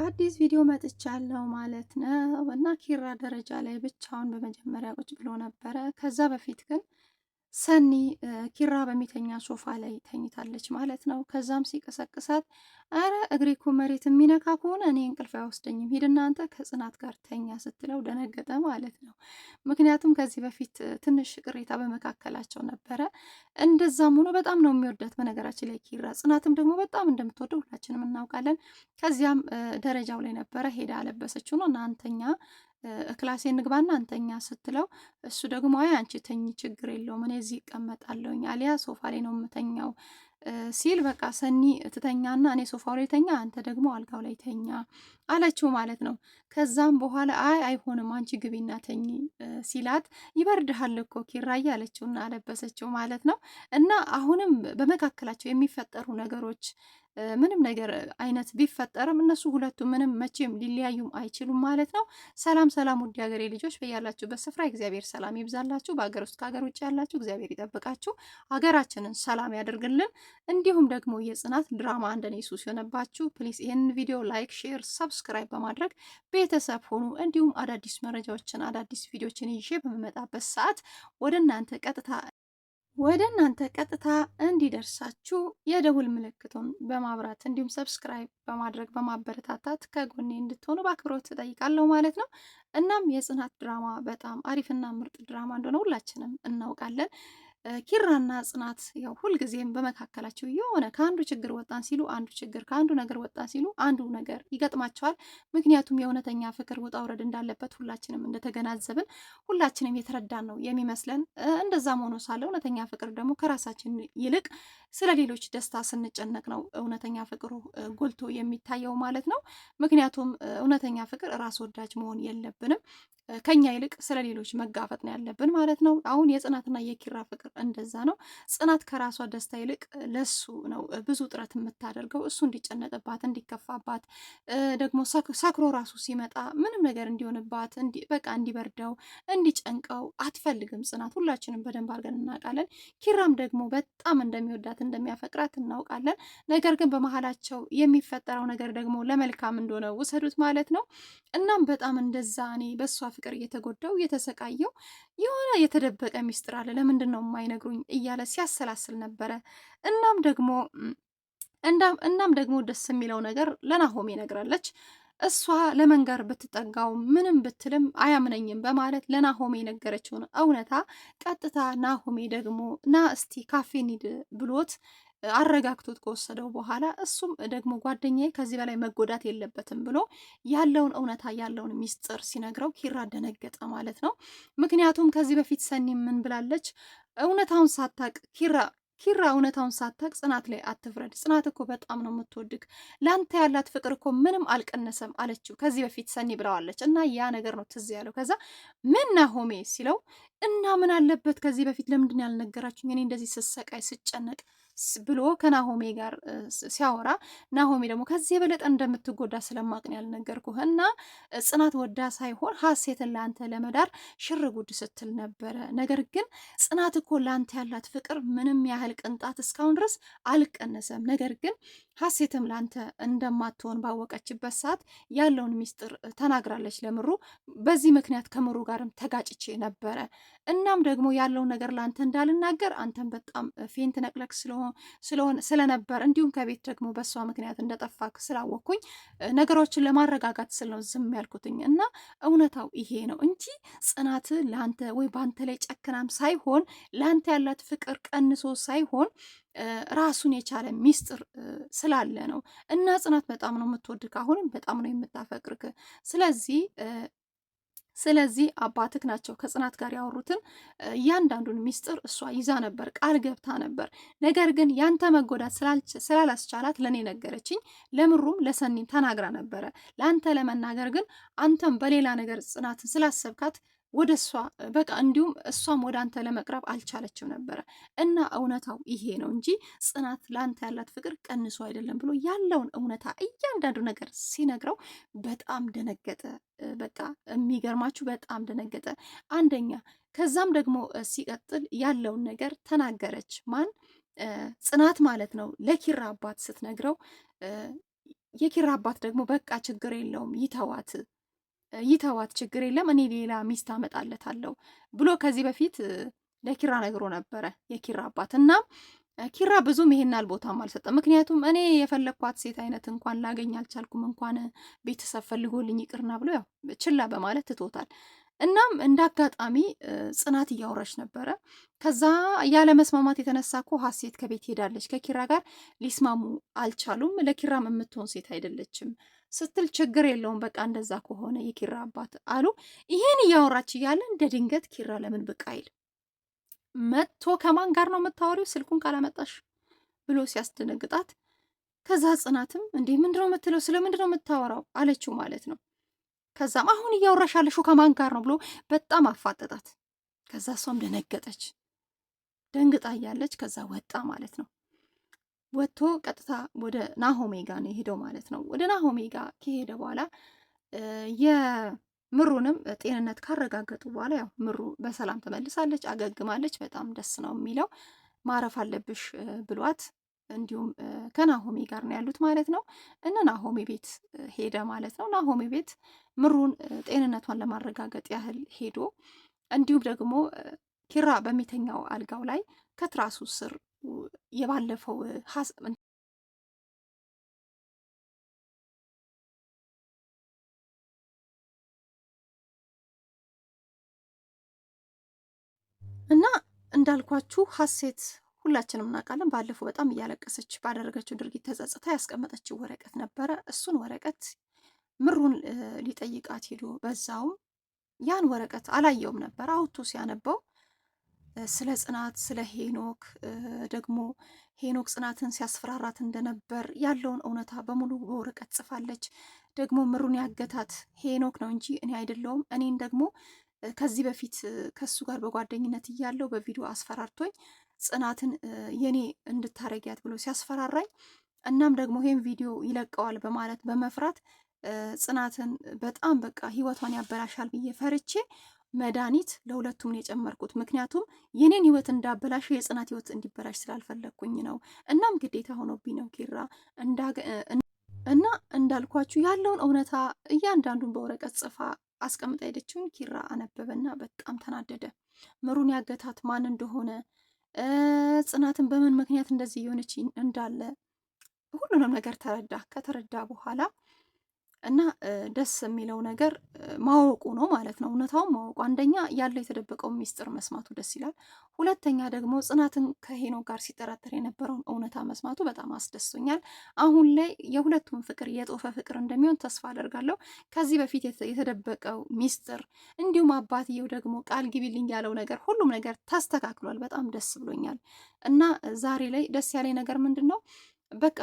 በአዲስ ቪዲዮ መጥቻለሁ ማለት ነው እና ኪራ ደረጃ ላይ ብቻውን በመጀመሪያ ቁጭ ብሎ ነበረ። ከዛ በፊት ግን ሰኒ ኪራ በሚተኛ ሶፋ ላይ ተኝታለች ማለት ነው። ከዛም ሲቀሰቅሳት አረ እግሬ እኮ መሬት የሚነካ ከሆነ እኔ እንቅልፍ አይወስደኝም፣ ሂድ እናንተ ከጽናት ጋር ተኛ ስትለው ደነገጠ ማለት ነው። ምክንያቱም ከዚህ በፊት ትንሽ ቅሬታ በመካከላቸው ነበረ። እንደዛም ሆኖ በጣም ነው የሚወዳት በነገራችን ላይ ኪራ። ጽናትም ደግሞ በጣም እንደምትወደው ሁላችንም እናውቃለን። ከዚያም ደረጃው ላይ ነበረ ሄዳ አለበሰችው ነው እናንተኛ እክላሴ ንግባና አንተኛ ስትለው እሱ ደግሞ አይ አንቺ ተኝ ችግር የለውም እኔ እዚህ ይቀመጣለውኝ አሊያ ሶፋ ላይ ነው የምተኛው ሲል በቃ ሰኒ ትተኛና እኔ ሶፋው ላይ ተኛ፣ አንተ ደግሞ አልጋው ላይ ተኛ አለችው ማለት ነው። ከዛም በኋላ አይ አይሆንም አንቺ ግቢና ተኝ ሲላት ይበርድሃል እኮ ኪራይ አለችውና አለበሰችው ማለት ነው። እና አሁንም በመካከላቸው የሚፈጠሩ ነገሮች ምንም ነገር አይነት ቢፈጠርም እነሱ ሁለቱ ምንም መቼም ሊለያዩም አይችሉም ማለት ነው። ሰላም ሰላም፣ ውድ ሀገሬ ልጆች በያላችሁበት ስፍራ እግዚአብሔር ሰላም ይብዛላችሁ። በሀገር ውስጥ ከሀገር ውጭ ያላችሁ እግዚአብሔር ይጠብቃችሁ፣ ሀገራችንን ሰላም ያደርግልን። እንዲሁም ደግሞ የጽናት ድራማ እንደኔ ሱስ የሆነባችሁ ፕሊዝ ይህን ቪዲዮ ላይክ፣ ሼር፣ ሰብስክራይብ በማድረግ ቤተሰብ ሆኑ። እንዲሁም አዳዲስ መረጃዎችን አዳዲስ ቪዲዮችን ይዤ በመመጣበት ሰዓት ወደ እናንተ ቀጥታ ወደ እናንተ ቀጥታ እንዲደርሳችሁ የደውል ምልክቱን በማብራት እንዲሁም ሰብስክራይብ በማድረግ በማበረታታት ከጎኔ እንድትሆኑ በአክብሮት እጠይቃለሁ ማለት ነው። እናም የጽናት ድራማ በጣም አሪፍና ምርጥ ድራማ እንደሆነ ሁላችንም እናውቃለን። ኪራና ጽናት ያው ሁልጊዜም በመካከላቸው የሆነ ከአንዱ ችግር ወጣን ሲሉ አንዱ ችግር ከአንዱ ነገር ወጣን ሲሉ አንዱ ነገር ይገጥማቸዋል። ምክንያቱም የእውነተኛ ፍቅር ውጣ ውረድ እንዳለበት ሁላችንም እንደተገናዘብን ሁላችንም የተረዳን ነው የሚመስለን። እንደዛም ሆኖ ሳለ እውነተኛ ፍቅር ደግሞ ከራሳችን ይልቅ ስለ ሌሎች ደስታ ስንጨነቅ ነው እውነተኛ ፍቅሩ ጎልቶ የሚታየው ማለት ነው። ምክንያቱም እውነተኛ ፍቅር ራስ ወዳጅ መሆን የለብንም። ከኛ ይልቅ ስለ ሌሎች መጋፈጥ ነው ያለብን ማለት ነው። አሁን የጽናትና የኪራ ፍቅር እንደዛ ነው። ጽናት ከራሷ ደስታ ይልቅ ለሱ ነው ብዙ ጥረት የምታደርገው፣ እሱ እንዲጨነቅባት፣ እንዲከፋባት ደግሞ ሰክሮ ራሱ ሲመጣ ምንም ነገር እንዲሆንባት፣ በቃ እንዲበርደው፣ እንዲጨንቀው አትፈልግም ጽናት። ሁላችንም በደንብ አድርገን እናውቃለን። ኪራም ደግሞ በጣም እንደሚወዳት እንደሚያፈቅራት እናውቃለን። ነገር ግን በመሀላቸው የሚፈጠረው ነገር ደግሞ ለመልካም እንደሆነ ውሰዱት ማለት ነው። እናም በጣም እንደዛ እኔ በእሷ ፍቅር እየተጎዳው እየተሰቃየው የሆነ የተደበቀ ሚስጥር አለ ለምንድን ነው አይነግሩኝ እያለ ሲያሰላስል ነበረ። እናም ደግሞ እናም ደግሞ ደስ የሚለው ነገር ለናሆም ነግራለች። እሷ ለመንገር ብትጠጋው ምንም ብትልም አያምነኝም በማለት ለናሆሜ የነገረችውን እውነታ ቀጥታ ናሆሜ ደግሞ ና እስቲ ካፌ ብሎት አረጋግቶት ከወሰደው በኋላ እሱም ደግሞ ጓደኛዬ ከዚህ በላይ መጎዳት የለበትም ብሎ ያለውን እውነታ ያለውን ሚስጥር ሲነግረው ኪራ ደነገጠ ማለት ነው። ምክንያቱም ከዚህ በፊት ሰኒ ምን ብላለች? እውነታውን ሳታቅ ኪራ ኪራ እውነታውን ሳታቅ ጽናት ላይ አትፍረድ። ጽናት እኮ በጣም ነው የምትወድግ፣ ለአንተ ያላት ፍቅር እኮ ምንም አልቀነሰም አለችው ከዚህ በፊት ሰኒ ብለዋለች። እና ያ ነገር ነው ትዝ ያለው። ከዛ ምን ናሆሜ ሲለው እና ምን አለበት ከዚህ በፊት ለምንድን ያልነገራችሁ እኔ እንደዚህ ስሰቃይ ስጨነቅ ብሎ ከናሆሜ ጋር ሲያወራ ናሆሜ ደግሞ ከዚህ የበለጠ እንደምትጎዳ ስለማቅን ያልነገርኩህ እና ጽናት ወዳ ሳይሆን ሀሴትን ለአንተ ለመዳር ሽር ጉድ ስትል ነበረ። ነገር ግን ጽናት እኮ ለአንተ ያላት ፍቅር ምንም ያህል ቅንጣት እስካሁን ድረስ አልቀነሰም። ነገር ግን ሀሴትም ለአንተ እንደማትሆን ባወቀችበት ሰዓት ያለውን ሚስጥር ተናግራለች ለምሩ። በዚህ ምክንያት ከምሩ ጋርም ተጋጭቼ ነበረ። እናም ደግሞ ያለውን ነገር ለአንተ እንዳልናገር አንተን በጣም ፌንት ነቅለክ ስለሆነ ስለነበር እንዲሁም ከቤት ደግሞ በእሷ ምክንያት እንደጠፋ ስላወቅኩኝ ነገሮችን ለማረጋጋት ስል ነው ዝም ያልኩትኝ እና እውነታው ይሄ ነው እንጂ ጽናት ለአንተ ወይ በአንተ ላይ ጨክናም ሳይሆን ለአንተ ያላት ፍቅር ቀንሶ ሳይሆን ራሱን የቻለ ሚስጥር ስላለ ነው። እና ጽናት በጣም ነው የምትወድክ፣ አሁንም በጣም ነው የምታፈቅርክ። ስለዚህ ስለዚህ አባትክ ናቸው ከጽናት ጋር ያወሩትን እያንዳንዱን ሚስጥር እሷ ይዛ ነበር፣ ቃል ገብታ ነበር። ነገር ግን ያንተ መጎዳት ስላላስቻላት ለእኔ ነገረችኝ። ለምሩም ለሰኒም ተናግራ ነበረ። ለአንተ ለመናገር ግን አንተም በሌላ ነገር ጽናትን ስላሰብካት ወደ እሷ በቃ እንዲሁም እሷም ወደ አንተ ለመቅረብ አልቻለችም ነበረ እና እውነታው ይሄ ነው እንጂ ጽናት ለአንተ ያላት ፍቅር ቀንሶ አይደለም ብሎ ያለውን እውነታ እያንዳንዱ ነገር ሲነግረው በጣም ደነገጠ። በቃ የሚገርማችሁ በጣም ደነገጠ። አንደኛ ከዛም ደግሞ ሲቀጥል ያለውን ነገር ተናገረች። ማን ጽናት ማለት ነው። ለኪራ አባት ስትነግረው የኪራ አባት ደግሞ በቃ ችግር የለውም ይተዋት ይተዋት፣ ችግር የለም እኔ ሌላ ሚስት አመጣለታለሁ ብሎ ከዚህ በፊት ለኪራ ነግሮ ነበረ የኪራ አባት እና ኪራ ብዙም ይሄናል ቦታም አልሰጠም። ምክንያቱም እኔ የፈለግኳት ሴት አይነት እንኳን ላገኝ አልቻልኩም እንኳን ቤተሰብ ፈልጎልኝ ይቅርና ብሎ ያው ችላ በማለት ትቶታል። እናም እንደ አጋጣሚ ጽናት እያወራች ነበረ። ከዛ ያለ መስማማት የተነሳ እኮ ሀሴት ከቤት ሄዳለች። ከኪራ ጋር ሊስማሙ አልቻሉም። ለኪራም የምትሆን ሴት አይደለችም ስትል ችግር የለውም በቃ እንደዛ ከሆነ የኪራ አባት አሉ። ይሄን እያወራች እያለ እንደ ድንገት ኪራ ለምን ብቅ አይል መጥቶ ከማን ጋር ነው የምታወሪው ስልኩን ካላመጣሽ ብሎ ሲያስደነግጣት፣ ከዛ ጽናትም እንዲህ ነው የምትለው ነው የምታወራው አለችው ማለት ነው። ከዛም አሁን እያወራሽ ያለሽው ከማን ጋር ነው ብሎ በጣም አፋጠጣት። ከዛ እሷም ደነገጠች። ደንግጣ እያለች ከዛ ወጣ ማለት ነው። ወጥቶ ቀጥታ ወደ ናሆሜ ጋ ነው የሄደው ማለት ነው። ወደ ናሆሜ ጋ ከሄደ በኋላ የምሩንም ጤንነት ካረጋገጡ በኋላ ያው ምሩ በሰላም ተመልሳለች፣ አገግማለች። በጣም ደስ ነው የሚለው ማረፍ አለብሽ ብሏት እንዲሁም ከናሆሜ ጋር ነው ያሉት ማለት ነው። እነ ናሆሜ ቤት ሄደ ማለት ነው። ናሆሜ ቤት ምሩን ጤንነቷን ለማረጋገጥ ያህል ሄዶ እንዲሁም ደግሞ ኪራ በሚተኛው አልጋው ላይ ከትራሱ ስር የባለፈው እና እንዳልኳችሁ ሀሴት ሁላችንም እናውቃለን። ባለፈው በጣም እያለቀሰች ባደረገችው ድርጊት ተጸጽታ ያስቀመጠችው ወረቀት ነበረ። እሱን ወረቀት ምሩን ሊጠይቃት ሄዶ በዛውም ያን ወረቀት አላየውም ነበር አውቶ ሲያነበው ስለ ጽናት ስለ ሄኖክ ደግሞ ሄኖክ ጽናትን ሲያስፈራራት እንደነበር ያለውን እውነታ በሙሉ በወረቀት ጽፋለች። ደግሞ ምሩን ያገታት ሄኖክ ነው እንጂ እኔ አይደለውም። እኔን ደግሞ ከዚህ በፊት ከሱ ጋር በጓደኝነት እያለው በቪዲዮ አስፈራርቶኝ ጽናትን የኔ እንድታረጊያት ብሎ ሲያስፈራራኝ እናም ደግሞ ይህም ቪዲዮ ይለቀዋል በማለት በመፍራት ጽናትን በጣም በቃ ህይወቷን ያበላሻል ብዬ ፈርቼ መድኃኒት ለሁለቱም ነው የጨመርኩት። ምክንያቱም የኔን ህይወት እንዳበላሽ የጽናት ህይወት እንዲበላሽ ስላልፈለግኩኝ ነው። እናም ግዴታ ሆኖብኝ ነው ኪራ እና እንዳልኳችሁ ያለውን እውነታ እያንዳንዱን በወረቀት ጽፋ አስቀምጣ ሄደችውን ኪራ አነበበና በጣም ተናደደ። ምሩን ያገታት ማን እንደሆነ ጽናትን በምን ምክንያት እንደዚህ የሆነች እንዳለ ሁሉንም ነገር ተረዳ። ከተረዳ በኋላ እና ደስ የሚለው ነገር ማወቁ ነው ማለት ነው። እውነታውን ማወቁ አንደኛ ያለው የተደበቀው ሚስጥር መስማቱ ደስ ይላል። ሁለተኛ ደግሞ ጽናትን ከሄኖ ጋር ሲጠራጠር የነበረውን እውነታ መስማቱ በጣም አስደስቶኛል። አሁን ላይ የሁለቱም ፍቅር የጦፈ ፍቅር እንደሚሆን ተስፋ አደርጋለሁ። ከዚህ በፊት የተደበቀው ሚስጥር እንዲሁም አባትየው ደግሞ ቃል ግቢልኝ ያለው ነገር ሁሉም ነገር ተስተካክሏል። በጣም ደስ ብሎኛል እና ዛሬ ላይ ደስ ያለኝ ነገር ምንድን ነው በቃ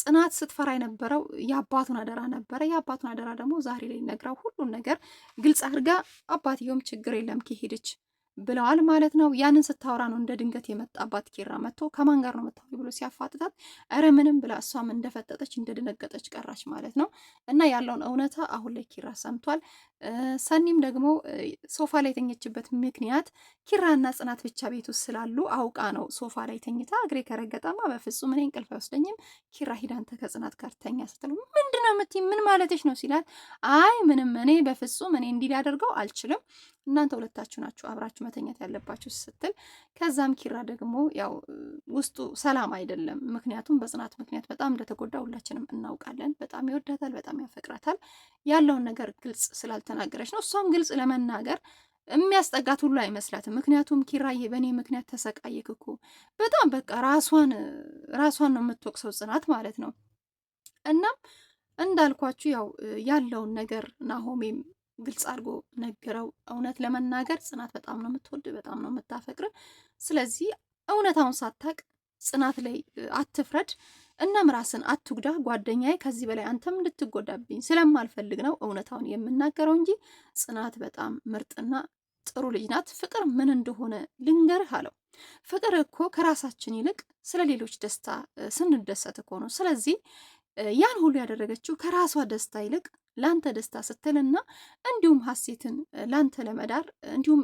ጽናት ስትፈራ የነበረው የአባቱን አደራ ነበረ። የአባቱን አደራ ደግሞ ዛሬ ላይ ነግራው ሁሉን ነገር ግልጽ አድርጋ አባትየውም ችግር የለም ከሄደች ብለዋል ማለት ነው። ያንን ስታወራ ነው እንደ ድንገት የመጣባት ኪራ መጥቶ ከማን ጋር ነው የምታወሪው ብሎ ሲያፋጥጣት እረ ምንም ብላ እሷም እንደፈጠጠች እንደደነገጠች ቀራች ማለት ነው። እና ያለውን እውነታ አሁን ላይ ኪራ ሰምቷል። ሰኒም ደግሞ ሶፋ ላይ የተኘችበት ምክንያት ኪራና ጽናት ብቻ ቤት ውስጥ ስላሉ አውቃ ነው ሶፋ ላይ ተኝታ እግሬ ከረገጠማ በፍጹም እኔ እንቅልፍ አይወስደኝም፣ ኪራ ሂድ አንተ ከጽናት ጋር ተኛ ስትል ምንድነው የምትይኝ? ምን ማለትሽ ነው ሲላት አይ ምንም እኔ በፍጹም እኔ እንዲህ ሊያደርገው አልችልም እናንተ ሁለታችሁ ናችሁ አብራችሁ መተኛት ያለባችሁ ስትል፣ ከዛም ኪራ ደግሞ ያው ውስጡ ሰላም አይደለም። ምክንያቱም በጽናት ምክንያት በጣም እንደተጎዳ ሁላችንም እናውቃለን። በጣም ይወዳታል፣ በጣም ያፈቅራታል። ያለውን ነገር ግልጽ ስላልተናገረች ነው። እሷም ግልጽ ለመናገር የሚያስጠጋት ሁሉ አይመስላትም። ምክንያቱም ኪራዬ በእኔ ምክንያት ተሰቃየክ እኮ በጣም በቃ ራሷን ራሷን ነው የምትወቅሰው ጽናት ማለት ነው። እናም እንዳልኳችሁ ያው ያለውን ነገር ናሆሜም ግልጽ አድርጎ ነገረው። እውነት ለመናገር ጽናት በጣም ነው የምትወድ፣ በጣም ነው የምታፈቅር። ስለዚህ እውነታውን ሳታቅ ጽናት ላይ አትፍረድ። እናም ራስን አትጉዳ ጓደኛዬ፣ ከዚህ በላይ አንተም እንድትጎዳብኝ ስለማልፈልግ ነው እውነታውን የምናገረው እንጂ ጽናት በጣም ምርጥና ጥሩ ልጅ ናት። ፍቅር ምን እንደሆነ ልንገርህ አለው። ፍቅር እኮ ከራሳችን ይልቅ ስለ ሌሎች ደስታ ስንደሰት እኮ ነው። ስለዚህ ያን ሁሉ ያደረገችው ከራሷ ደስታ ይልቅ ላንተ ደስታ ስትልና እንዲሁም ሀሴትን ላንተ ለመዳር እንዲሁም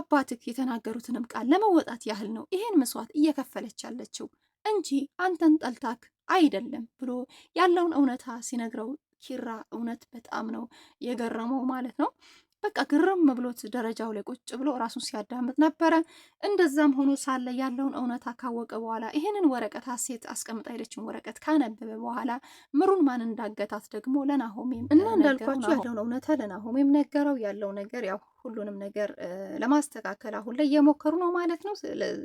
አባትህ የተናገሩትንም ቃል ለመወጣት ያህል ነው ይሄን መስዋዕት እየከፈለች ያለችው እንጂ አንተን ጠልታክ አይደለም ብሎ ያለውን እውነታ ሲነግረው ኪራ እውነት በጣም ነው የገረመው ማለት ነው። በቃ ግርም ብሎት ደረጃው ላይ ቁጭ ብሎ ራሱን ሲያዳምጥ ነበረ። እንደዛም ሆኖ ሳለ ያለውን እውነታ ካወቀ በኋላ ይህንን ወረቀት ሀሴት አስቀምጣ ሄደችን ወረቀት ካነበበ በኋላ ምሩን ማን እንዳገታት ደግሞ ለናሆሜም እና እንዳልኳቸው ያለውን እውነታ ለናሆሜም ነገረው። ያለው ነገር ያው ሁሉንም ነገር ለማስተካከል አሁን ላይ እየሞከሩ ነው ማለት ነው።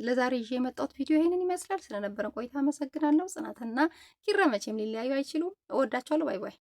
ለዛሬ ይዤ የመጣሁት ቪዲዮ ይህንን ይመስላል። ስለነበረን ቆይታ አመሰግናለሁ። ጽናትና ኪራ መቼም ሊለያዩ አይችሉም። እወዳቸዋለሁ። ባይ ባይ